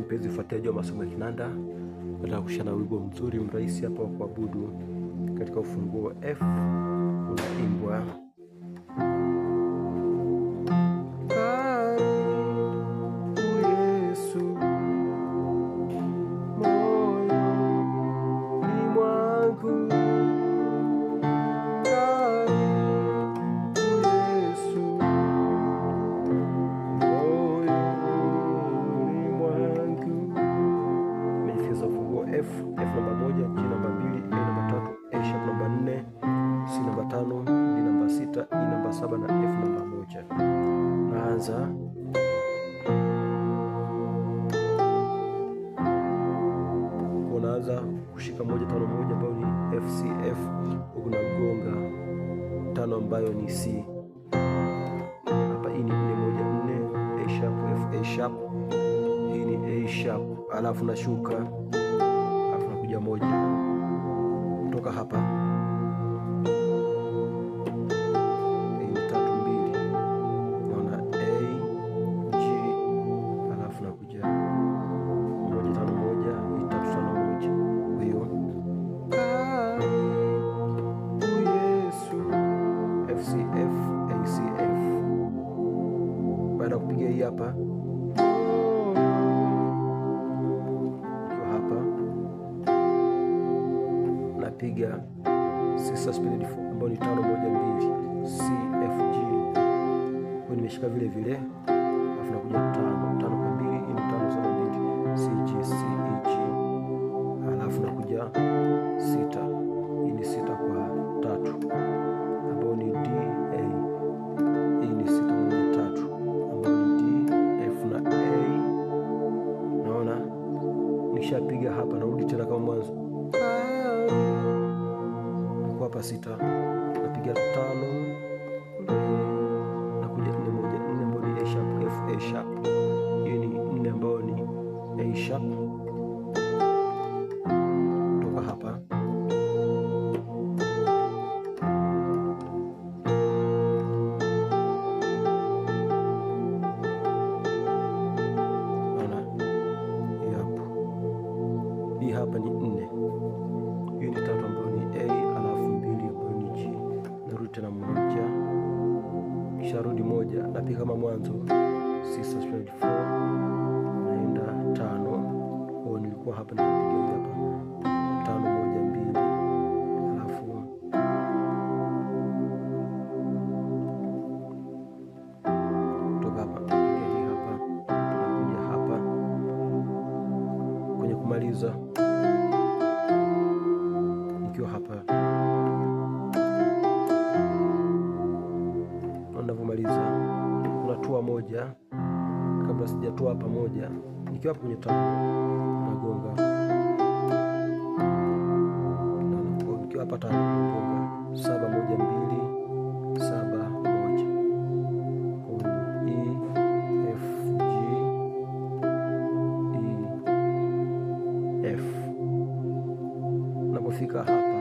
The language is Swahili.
mpenzi ufuatiliaji wa masomo ya kinanda, nataka kushana wimbo mzuri mrahisi hapa wa kuabudu katika ufunguo wa F unaimbwa F, F namba moja, G namba mbili, A namba tatu, A sharp namba nne, C namba tano, D namba sita, E namba saba na F namba moja. Naanza unaanza kushika moja tano moja ambayo ni F C F, unagonga tano ambayo ni C. Hapa hii e ni nne moja nne, A sharp F A sharp, hii e ni A sharp, alafu nashuka moja moja kutoka hapa tatu mbili, naona A alafu moja tano moja moja. kupiga hapa piga C suspended 4 ambayo ni tano moja mbili C F G, kwa nimeshika vile vile, alafu nakuja tano tano kwa mbili ni tano za mbili C G C E G, alafu nakuja sita, hii ni sita kwa tatu ambayo ni D A, hii ni sita moja tatu ambayo ni D F na A. Naona nishapiga hapa, narudi tena kama mwanzo. Ah niko hapa sita, napiga tano na kuja nne moja, nne ambayo ni A sharp, F A sharp. Hiyo ni nne ambayo ni A sharp, hapa hapa ni moja, kisha rudi moja, napiga kama mwanzo 6.4 naenda tano. Au nilikuwa hapa nikapiga hapa tano moja mbili, alafu toka hapa hapa nakuja hapa kwenye kumaliza nikiwa hapa moja kabla sijatoa pamoja, nikiwa kwenye tano nagonga nikiwa hapa tano nagonga saba moja mbili saba moja E F G E F. Napofika hapa